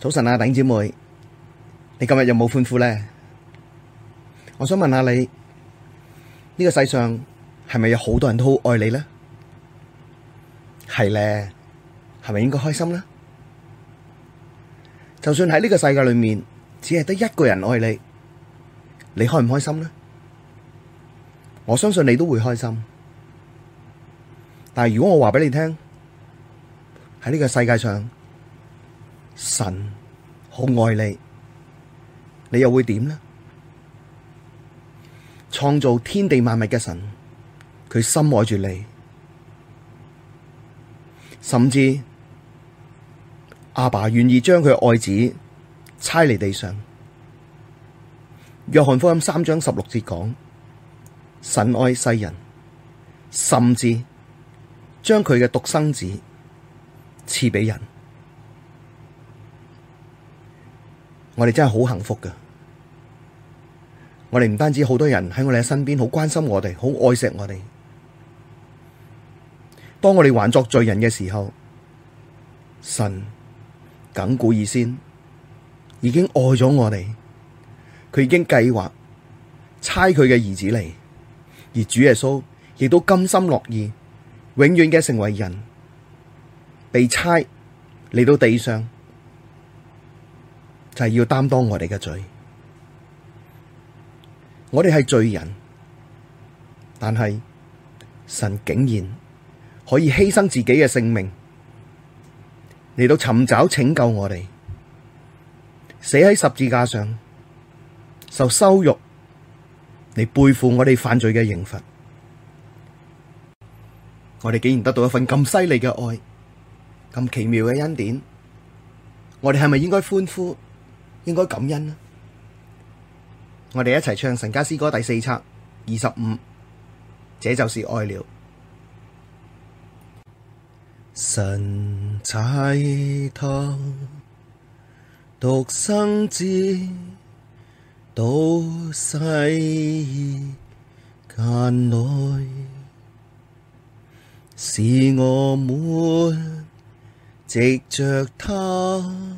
早晨啊，弟兄姊妹，你今日有冇歡呼咧？我想問下你，呢個世上係咪有好多人都好愛你咧？係咧，係咪應該開心咧？就算喺呢個世界裏面，只係得一個人愛你，你開唔開心咧？我相信你都會開心，但係如果我話俾你聽，喺呢個世界上。神好愛你，你又會點呢？創造天地萬物嘅神，佢深愛住你，甚至阿爸願意將佢嘅愛子差嚟地上。約翰福音三章十六節講：神愛世人，甚至將佢嘅獨生子賜俾人。我哋真係好幸福噶我哋唔單止好多人喺我哋嘅身邊，好關心我哋，好愛錫我哋。當我哋還作罪人嘅時候，神亙古以先已經愛咗我哋，佢已經計劃差佢嘅兒子嚟，而主耶穌亦都甘心樂意，永遠嘅成為人，被差嚟到地上。就係要擔當我哋嘅罪，我哋係罪人，但係神竟然可以犧牲自己嘅性命嚟到尋找拯救我哋，死喺十字架上受羞辱，嚟背負我哋犯罪嘅刑罰，我哋竟然得到一份咁犀利嘅愛，咁奇妙嘅恩典，我哋係咪應該歡呼？應該感恩、啊、我哋一齊唱《神家詩歌》第四冊二十五，這就是愛了。神差他，獨生子到世間來，使我們藉着他。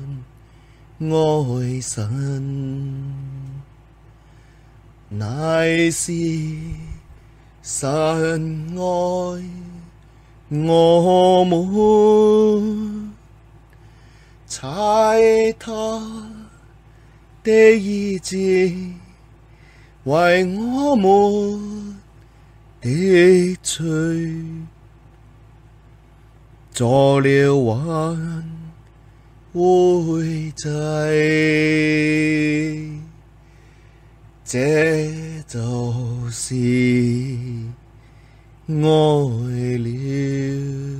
愛神乃是神愛我們，差祂的兒子為我們的罪作了挽回祭。回祭，這就是愛了。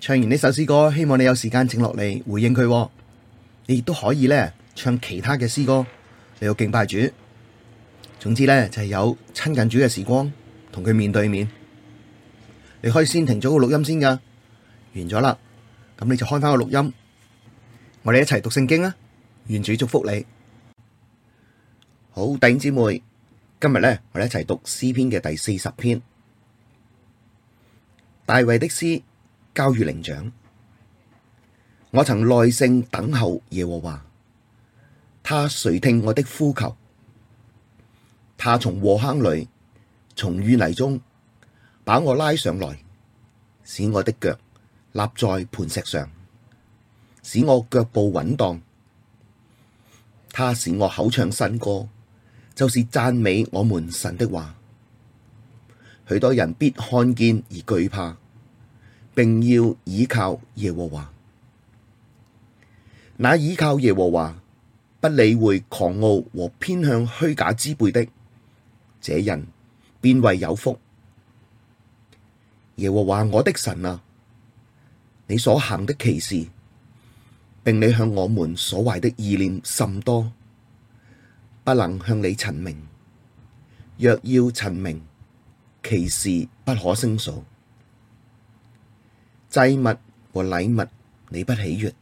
唱完呢首詩歌，希望你有時間靜落嚟回應佢喎。你亦都可以咧唱其他嘅詩歌，你有敬拜主。總之咧就係有親近主嘅時光，同佢面對面。你可以先停咗個錄音先㗎。完咗啦，咁你就開翻個錄音，我哋一齊讀聖經啊！願主祝福你，好弟兄姊妹。今日咧，我哋一齊讀詩篇嘅第四十篇，大衛的詩交與伶長。我曾耐性等候耶和華，他垂聽我的呼求，他從禍坑裡，從淤泥中把我拉上來，使我的腳。立在磐石上，使我腳步穩當。他使我口唱新歌，就是讚美我們神的話。許多人必看見而懼怕，並要倚靠耶和華。那倚靠耶和華，不理會狂傲和偏向虛假之輩的，這人便為有福。耶和華我的神啊！你所行的奇事，並你向我們所懷的意念甚多，不能向你陳明。若要陳明，其事不可勝數。祭物和禮物你不喜悅，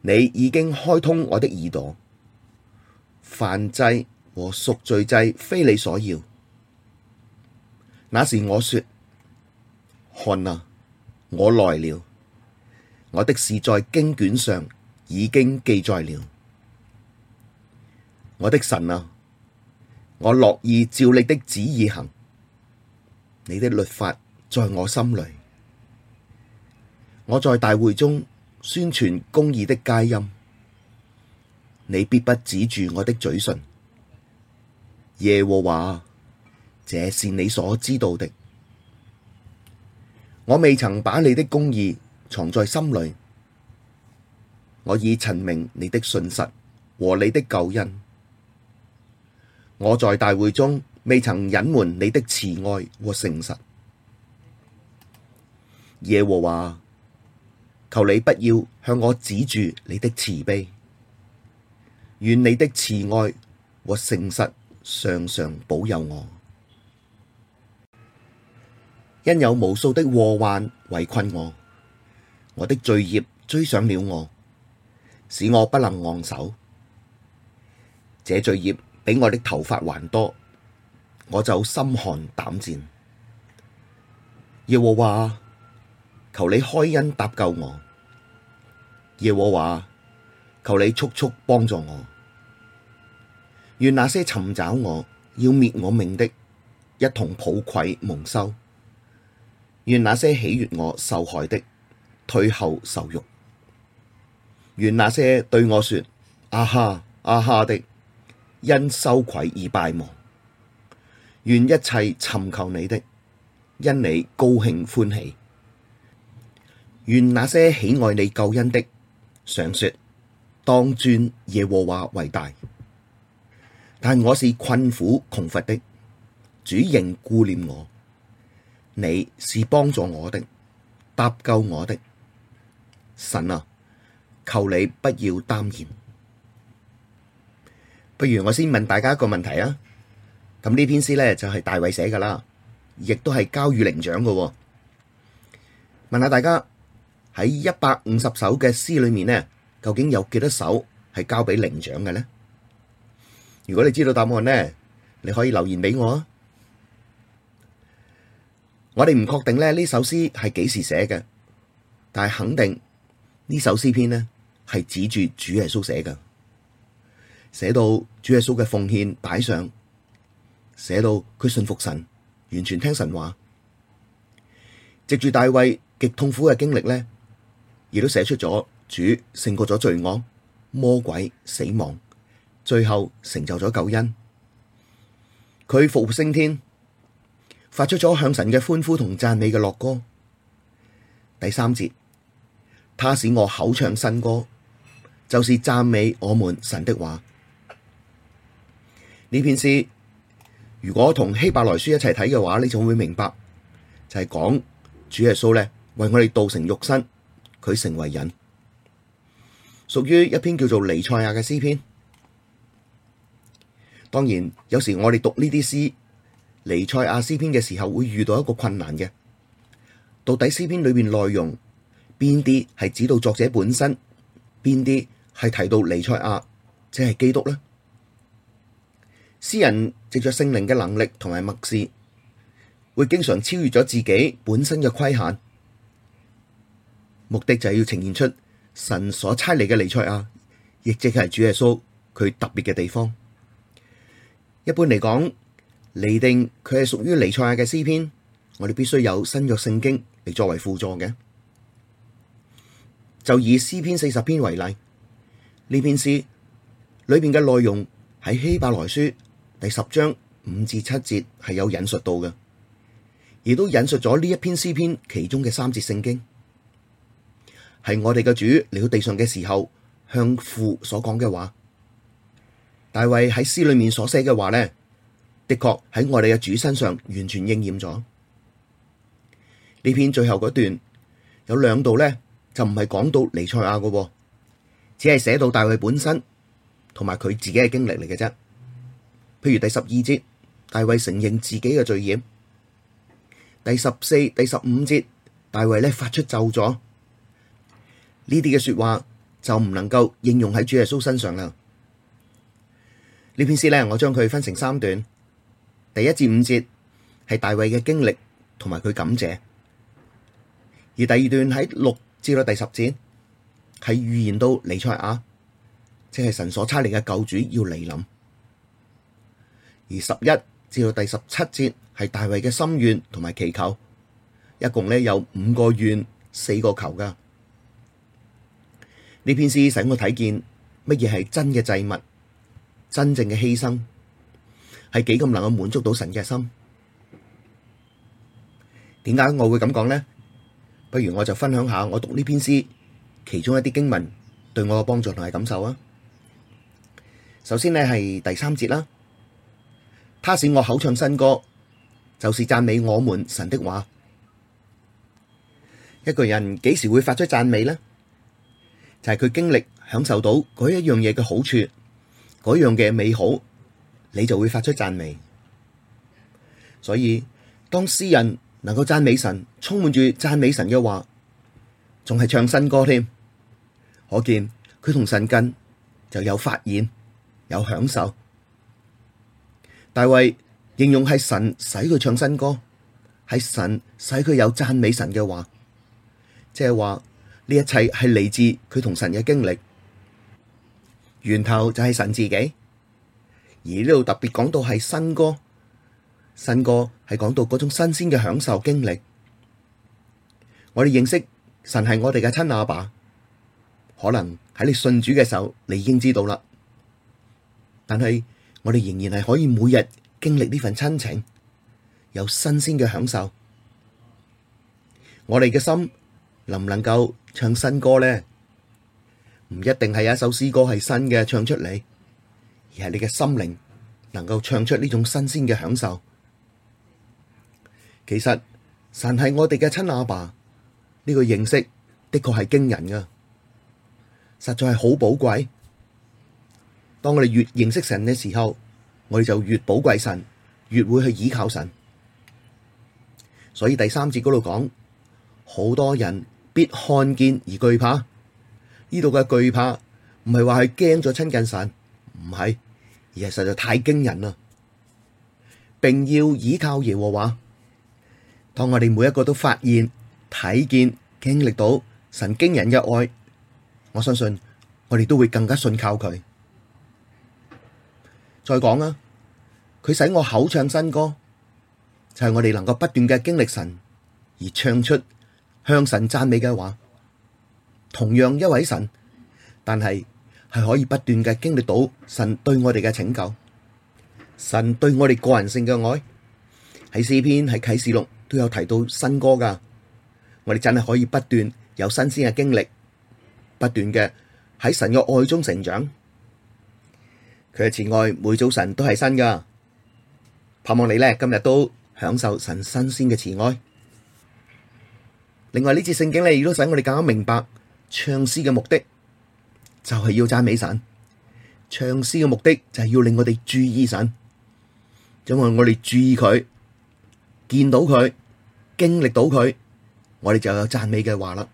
你已經開通我的耳朵。燔祭和贖罪祭非你所要，那時我說：看啊！我來了，我的事在經卷上已經記載了。我的神啊，我樂意照你的旨意行。你的律法在我心裡。我在大會中宣傳公義的佳音，你必不止住我的嘴唇。耶和華，這是你所知道的。我未曾把你的公義藏在心裡，我已陳明你的信實和你的救恩。我在大會中未曾隱瞞你的慈愛和誠實。耶和華，求你不要向我止住你的慈悲，願你的慈愛和誠實常常保佑我。因有無數的禍患圍困我，我的罪孽追上了我，使我不能昂首。這罪孽比我的頭髮還多，我就心寒膽戰。耶和華，求你開恩搭救我；耶和華，求你速速幫助我。願那些尋找我要滅我命的，一同抱愧蒙羞。願那些喜悅我受害的，退後受辱；願那些對我說阿哈阿哈的，因羞愧而敗亡；願一切尋求你的，因你高興歡喜；願那些喜愛你救恩的想說當尊耶和華為大，但我是困苦窮乏的，主仍顧念我。你是幫助我的、搭救我的神啊，求你不要耽延。不如我先問大家一個問題啊。咁呢篇詩咧就係、是、大衛寫噶啦，亦都係交予伶長嘅。問下大家喺一百五十首嘅詩裏面呢，究竟有幾多首係交俾伶長嘅咧？如果你知道答案咧，你可以留言俾我。我哋唔確定咧呢首詩係幾時寫嘅，但係肯定呢首詩篇呢係指住主耶穌寫嘅，寫到主耶穌嘅奉獻擺上，寫到佢信服神，完全聽神話，藉住大衛極痛苦嘅經歷呢，亦都寫出咗主勝過咗罪惡、魔鬼、死亡，最後成就咗救恩，佢復活升天。發出咗向神嘅歡呼同讚美嘅樂歌，第三節，他使我口唱新歌，就是讚美我們神的話。呢篇詩如果同希伯來書一齊睇嘅話，你就會明白，就係講主耶穌咧為我哋道成肉身，佢成為人，屬於一篇叫做尼賽亞嘅詩篇。當然有時我哋讀呢啲詩。彌賽亞詩篇嘅時候會遇到一個困難嘅，到底詩篇裏邊內容邊啲係指到作者本身，邊啲係提到彌賽亞，即係基督呢？詩人借着聖靈嘅能力同埋默示，會經常超越咗自己本身嘅規限，目的就係要呈現出神所差嚟嘅彌賽亞，亦即係主耶穌佢特別嘅地方。一般嚟講。釐定佢係屬於彌賽亞嘅詩篇，我哋必須有新約聖經嚟，作為輔助嘅。就以詩篇四十篇為例，呢篇詩裏邊嘅內容喺希伯來書第十章五至七節係有引述到嘅，亦都引述咗呢一篇詩篇其中嘅三節聖經，係我哋嘅主嚟到地上嘅時候向父所講嘅話。大衛喺詩裏面所寫嘅話咧，的確喺我哋嘅主身上完全應驗咗。呢篇最後嗰段有兩度咧，就唔係講到彌賽亞嘅，只係寫到大衛本身同埋佢自己嘅經歷嚟嘅啫。譬如第十二節，大衛承認自己嘅罪孽，第十四、第十五節，大衛咧發出咒詛。呢啲嘅說話就唔能夠應用喺主耶穌身上啦。呢篇詩咧，我將佢分成三段。第一至五節係大衛嘅經歷同埋佢感謝，而第二段喺六至到第十節係預言到彌賽亞，即係神所差嚟嘅救主要嚟臨。而十一至到第十七節係大衛嘅心願同埋祈求，一共呢有五個願、四個求噶呢篇詩使我睇見乜嘢係真嘅祭物、真正嘅犧牲。係幾咁能夠滿足到神嘅心？點解我會咁講呢？不如我就分享下我讀呢篇詩其中一啲經文對我嘅幫助同埋感受啊！首先呢係第三節啦，他使我口唱新歌，就是讚美我們神的話。一個人幾時會發出讚美呢？就係佢經歷享受到嗰一樣嘢嘅好處，嗰樣嘅美好。你就會發出讚美，所以當詩人能夠讚美神，充滿住讚美神嘅話，仲係唱新歌添。可見佢同神近就有發現，有享受。大衛形容係神使佢唱新歌，係神使佢有讚美神嘅話，即係話呢一切係嚟自佢同神嘅經歷，源頭就係神自己。而呢度特別講到係新歌，新歌係講到嗰種新鮮嘅享受經歷。我哋認識神係我哋嘅親阿爸，可能喺你信主嘅時候，你已經知道啦。但係我哋仍然係可以每日經歷呢份親情，有新鮮嘅享受。我哋嘅心能唔能夠唱新歌咧？唔一定係有一首詩歌係新嘅唱出嚟。而係你嘅心靈能夠唱出呢種新鮮嘅享受。其實神係我哋嘅親阿爸，呢個認識的確係驚人噶，實在係好寶貴。當我哋越認識神嘅時候，我哋就越寶貴神，越會去倚靠神。所以第三節嗰度講，好多人必看見而懼怕。呢度嘅懼怕唔係話係驚咗親近神，唔係。其實實在太驚人啦，並要倚靠耶和華。當我哋每一個都發現、睇見、經歷到神驚人嘅愛，我相信我哋都會更加信靠佢。再講啦，佢使我口唱新歌，就係、是、我哋能夠不斷嘅經歷神而唱出向神讚美嘅話。同樣一位神，但係。係可以不斷嘅經歷到神對我哋嘅拯救，神對我哋個人性嘅愛，喺詩篇、喺啟示錄都有提到新歌噶。我哋真係可以不斷有新鮮嘅經歷，不斷嘅喺神嘅愛中成長。佢嘅慈愛每早晨都係新噶，盼望你咧今日都享受神新鮮嘅慈愛。另外呢次聖經咧亦都使我哋更加明白唱詩嘅目的。就係要讚美神，唱詩嘅目的就係要令我哋注意神，因為我哋注意佢，見到佢，經歷到佢，我哋就有讚美嘅話啦。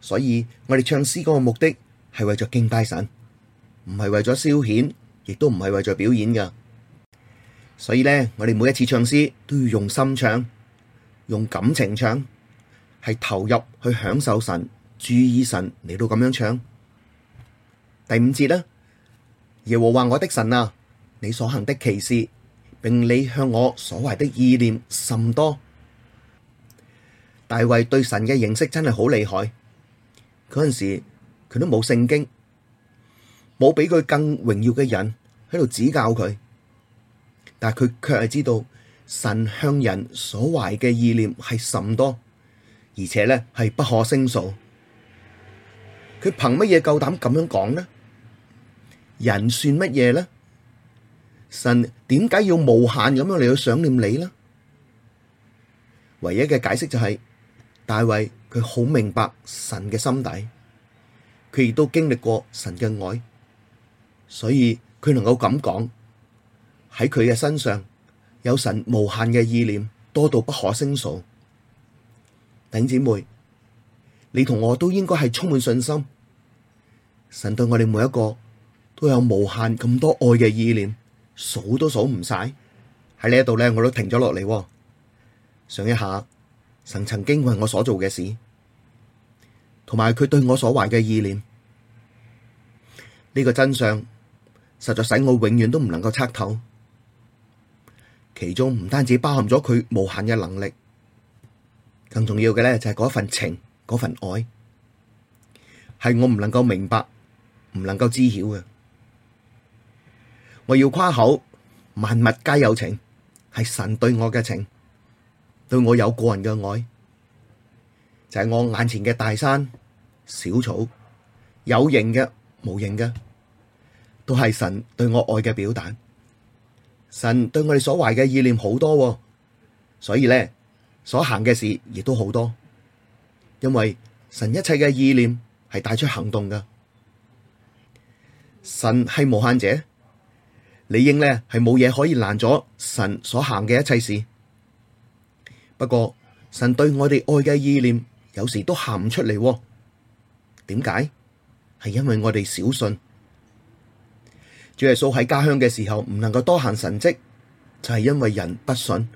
所以我哋唱詩嗰個目的係為咗敬拜神，唔係為咗消遣，亦都唔係為咗表演噶。所以咧，我哋每一次唱詩都要用心唱，用感情唱，係投入去享受神、注意神，嚟到咁樣唱。第五節啦，耶和華我的神啊，你所行的奇事，並你向我所懷的意念甚多。大衛對神嘅認識真係好厲害。嗰陣時佢都冇聖經，冇比佢更榮耀嘅人喺度指教佢，但係佢卻係知道神向人所懷嘅意念係甚多，而且呢係不可勝數。佢憑乜嘢夠膽咁樣講呢？人算乜嘢呢？神點解要無限咁樣嚟去想念你呢？唯一嘅解釋就係、是、大衛佢好明白神嘅心底，佢亦都經歷過神嘅愛，所以佢能夠咁講喺佢嘅身上有神無限嘅意念，多到不可勝數。弟兄姊妹，你同我都應該係充滿信心，神對我哋每一個。都有無限咁多愛嘅意念，數都數唔晒。喺呢一度咧，我都停咗落嚟，想一下，神曾經為我所做嘅事，同埋佢對我所懷嘅意念。呢、這個真相實在使我永遠都唔能夠測透。其中唔單止包含咗佢無限嘅能力，更重要嘅咧就係嗰份情、嗰份愛，係我唔能夠明白，唔能夠知曉嘅。我要誇口，萬物皆有情，係神對我嘅情，對我有個人嘅愛，就係我眼前嘅大山、小草，有形嘅、無形嘅，都係神對我愛嘅表達。神對我哋所懷嘅意念好多，所以咧，所行嘅事亦都好多，因為神一切嘅意念係帶出行動噶。神係無限者。理應咧係冇嘢可以攔阻神所行嘅一切事。不過神對我哋愛嘅意念有時都行唔出嚟，點解？係因為我哋小信。主耶穌喺家鄉嘅時候唔能夠多行神蹟，就係因為人不信。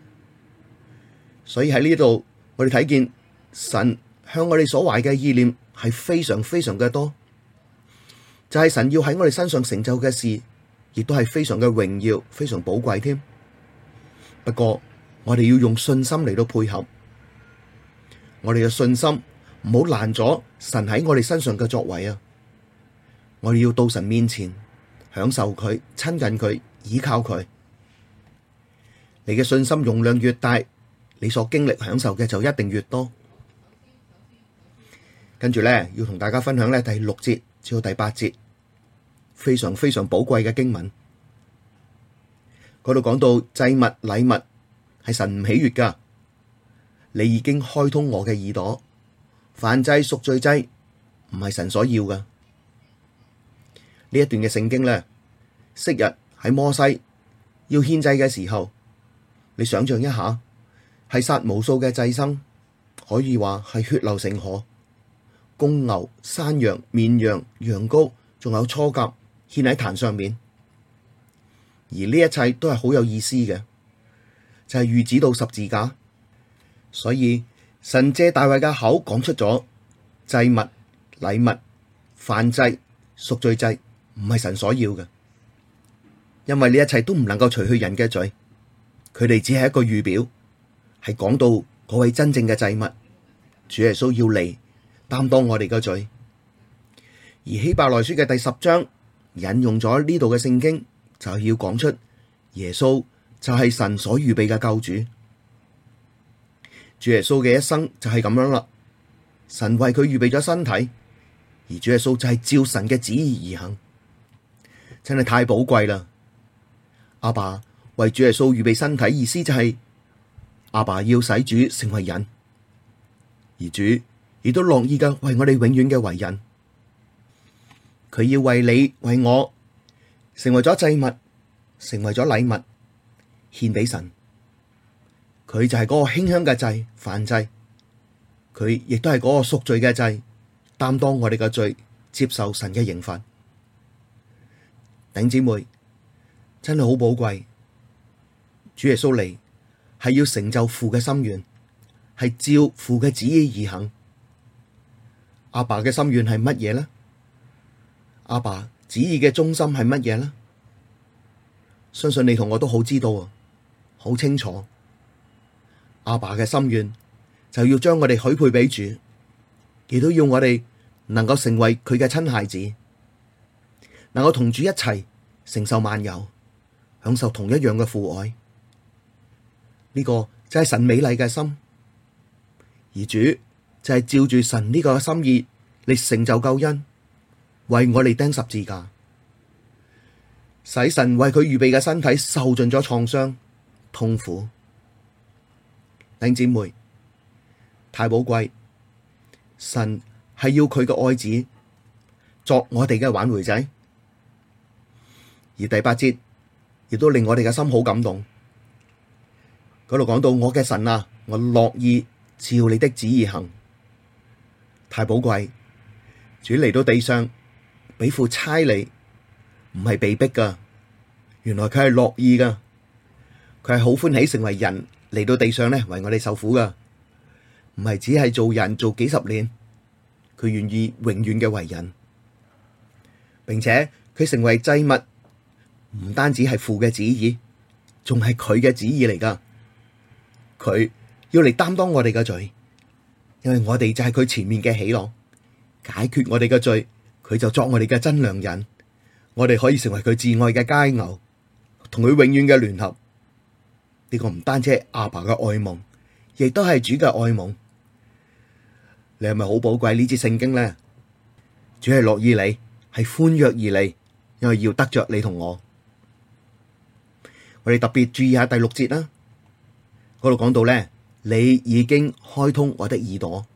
所以喺呢度我哋睇見神向我哋所懷嘅意念係非常非常嘅多，就係神要喺我哋身上成就嘅事。亦都係非常嘅榮耀，非常寶貴添。不過我哋要用信心嚟到配合，我哋嘅信心唔好攔阻神喺我哋身上嘅作為啊，我哋要到神面前享受佢、親近佢、依靠佢。你嘅信心容量越大，你所經歷享受嘅就一定越多。跟住咧，要同大家分享咧，第六節至到第八節。非常非常寶貴嘅經文，嗰度講到祭物、禮物、禮物係神唔喜悅噶，你已經開通我嘅耳朵，燔祭贖罪祭唔係神所要噶。呢一段嘅聖經呢，昔日喺摩西要獻祭嘅時候，你想象一下，係殺無數嘅祭牲，可以話係血流成河，公牛、山羊、綿羊、羊羔，仲有雛鴿。獻喺壇上面，而呢一切都係好有意思嘅，就係預指到十字架。所以神借大衛嘅口講出咗祭物、禮物、燔祭、贖罪祭，唔係神所要嘅，因為呢一切都唔能夠除去人嘅罪，佢哋只係一個預表，係講到嗰位真正嘅祭物，主耶穌要嚟擔當我哋嘅罪。而希伯來書嘅第十章。引用咗呢度嘅聖經，就係要講出耶穌就係神所預備嘅救主。主耶穌嘅一生就係咁樣啦。神為佢預備咗身體，而主耶穌就係照神嘅旨意而行。真係太寶貴啦！阿爸為主耶穌預備身體，意思就係、是、阿爸要使主成為人，而主亦都樂意嘅為我哋永遠嘅為人。佢要為你為我成為咗祭物，成為咗禮物獻俾神。佢就係嗰個馨香嘅祭，燔祭。佢亦都係嗰個贖罪嘅祭，擔當我哋嘅罪，接受神嘅刑罰。頂姊妹真係好寶貴。主耶穌嚟係要成就父嘅心願，係照父嘅旨意而行。阿爸嘅心願係乜嘢呢？阿爸旨意嘅中心係乜嘢呢？相信你同我都好知道，好清楚。阿爸嘅心願就要將我哋許配俾主，亦都要我哋能夠成為佢嘅親孩子，能夠同主一齊承受萬有，享受同一樣嘅父愛。呢個就係神美麗嘅心，而主就係照住神呢個心意嚟成就救恩。為我哋釘十字架，使神為佢預備嘅身體受盡咗創傷、痛苦。弟兄姊妹，太寶貴，神係要佢嘅愛子作我哋嘅挽回祭。而第八節亦都令我哋嘅心好感動。嗰度講到，我嘅神啊，我樂意照你的旨意行。太寶貴，主嚟到地上。俾父差你，唔係被逼噶，原來佢係樂意噶，佢係好歡喜成為人嚟到地上咧，為我哋受苦噶，唔係只係做人做幾十年，佢願意永遠嘅為人，並且佢成為祭物，唔單止係父嘅旨意，仲係佢嘅旨意嚟噶，佢要嚟擔當我哋嘅罪，因為我哋就係佢前面嘅喜樂，解決我哋嘅罪。佢就作我哋嘅真良人，我哋可以成為佢至愛嘅佳偶，同佢永遠嘅聯合。呢、這個唔單止係阿爸嘅愛夢，亦都係主嘅愛夢。你係咪好寶貴呢支聖經呢？主係樂意你，係歡躍而嚟，因為要得着你同我。我哋特別注意下第六節啦。嗰度講到咧，你已經開通我的耳朵。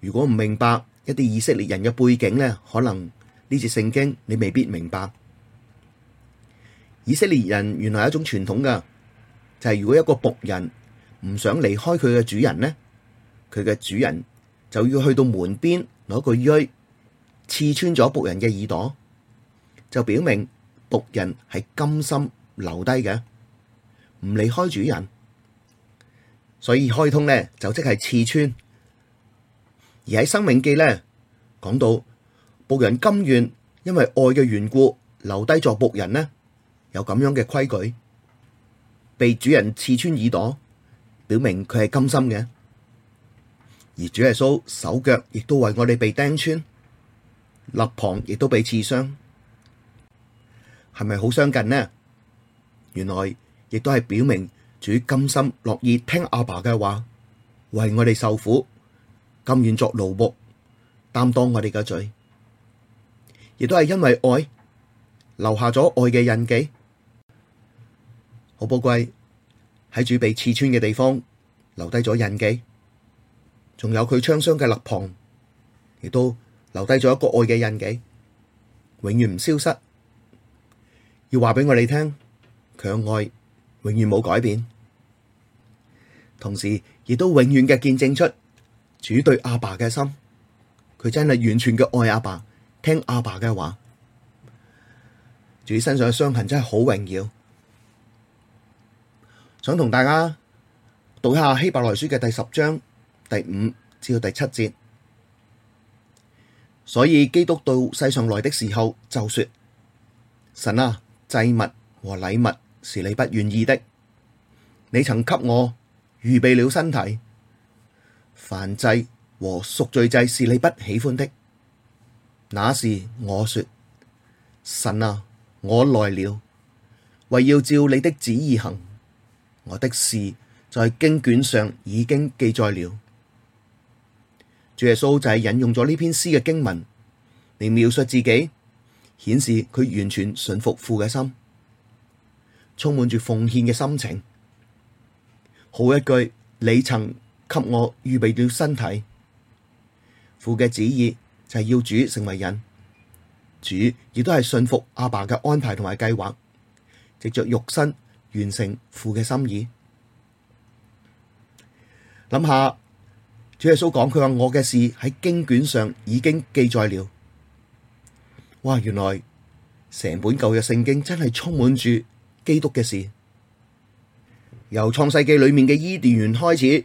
如果唔明白。一啲以色列人嘅背景咧，可能呢節聖經你未必明白。以色列人原來有一種傳統噶，就係如果一個僕人唔想離開佢嘅主人呢，佢嘅主人就要去到門邊攞個錐刺穿咗僕人嘅耳朵，就表明僕人係甘心留低嘅，唔離開主人。所以開通呢，就即係刺穿。而喺《生命記》呢，講到僕人甘願因為愛嘅緣故留低咗僕人呢，有咁樣嘅規矩，被主人刺穿耳朵，表明佢係甘心嘅。而主耶穌手腳亦都為我哋被釘穿，肋旁亦都被刺傷，係咪好相近呢？原來亦都係表明主甘心樂意聽阿爸嘅話，為我哋受苦。甘願作勞僕，擔當我哋嘅罪，亦都係因為愛，留下咗愛嘅印記。好寶貴喺主被刺穿嘅地方，留低咗印記，仲有佢槍傷嘅肋旁，亦都留低咗一個愛嘅印記，永遠唔消失。要話俾我哋聽，強愛永遠冇改變，同時亦都永遠嘅見證出。主對阿爸嘅心，佢真係完全嘅愛阿爸，聽阿爸嘅話。主身上嘅傷痕真係好榮耀。想同大家讀一下希伯來書嘅第十章第五至到第七節。所以基督到世上來的時候就說：神啊，祭物和禮物是你不願意的。你曾給我預備了身體。燔祭和贖罪祭是你不喜歡的，那時我說，神啊，我來了，為要照你的旨意行。我的事在經卷上已經記載了。主耶穌就引用咗呢篇詩嘅經文嚟描述自己，顯示佢完全順服父嘅心，充滿住奉獻嘅心情。好一句，你曾。給我預備了身體，父嘅旨意就係要主成為人，主亦都係信服阿爸嘅安排同埋計劃，藉着肉身完成父嘅心意。諗下，主耶穌講佢話我嘅事喺經卷上已經記載了。哇，原來成本舊嘅聖經真係充滿住基督嘅事，由創世記裏面嘅伊甸園開始。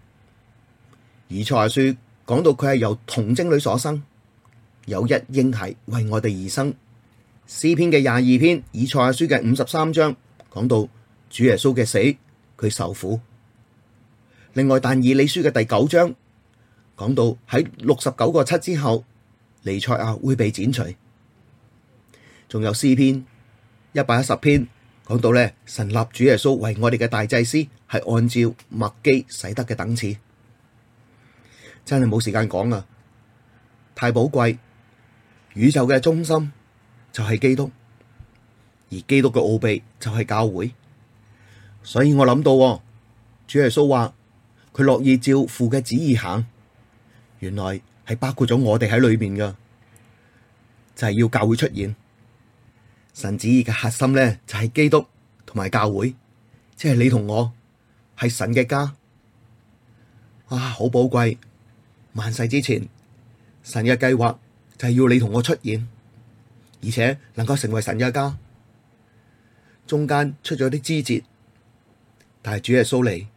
以賽亞書講到佢係由童貞女所生，有一嬰孩為我哋而生。詩篇嘅廿二篇，以賽亞書嘅五十三章講到主耶穌嘅死，佢受苦。另外但以理書嘅第九章講到喺六十九個七之後，彌賽亞會被剪除。仲有詩篇一百一十篇講到咧，神立主耶穌為我哋嘅大祭司，係按照麥基洗德嘅等次。真係冇時間講啊！太寶貴，宇宙嘅中心就係基督，而基督嘅奧秘就係教會。所以我諗到，主耶穌話佢樂意照父嘅旨意行，原來係包括咗我哋喺裏面噶，就係要教會出現。神旨意嘅核心咧就係基督同埋教會，即係你同我係神嘅家。啊，好寶貴！萬世之前，神嘅計劃就係要你同我出現，而且能夠成為神嘅家。中間出咗啲枝節，但係主耶穌嚟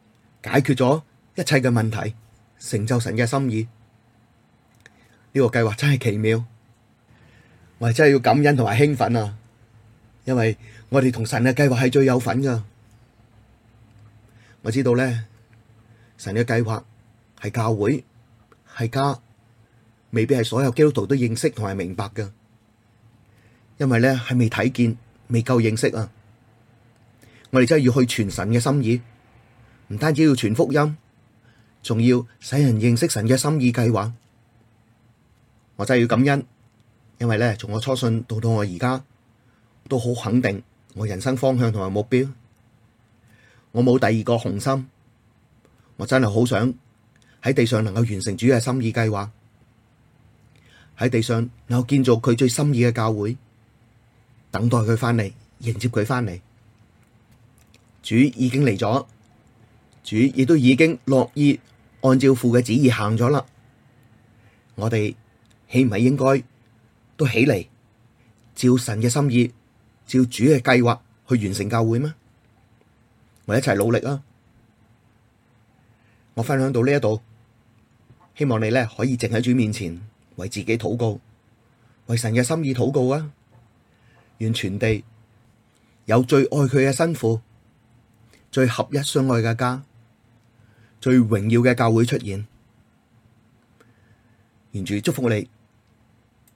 解決咗一切嘅問題，成就神嘅心意。呢、這個計劃真係奇妙，我係真係要感恩同埋興奮啊！因為我哋同神嘅計劃係最有份噶。我知道咧，神嘅計劃係教會。係家未必係所有基督徒都認識同埋明白㗎，因為咧，係未睇見，未夠認識啊！我哋真係要去傳神嘅心意，唔單止要傳福音，仲要使人認識神嘅心意計劃。我真係要感恩，因為咧，從我初信到到我而家，都好肯定我人生方向同埋目標，我冇第二個雄心，我真係好想。喺地上能夠完成主嘅心意計劃，喺地上能夠建造佢最心意嘅教會，等待佢翻嚟，迎接佢翻嚟。主已經嚟咗，主亦都已經樂意按照父嘅旨意行咗啦。我哋豈唔係應該都起嚟，照神嘅心意，照主嘅計劃去完成教會咩？我一齊努力啊！我分享到呢一度。希望你咧可以靜喺主面前為自己禱告，為神嘅心意禱告啊！願全地有最愛佢嘅新婦，最合一相愛嘅家，最榮耀嘅教會出現。願主祝福你。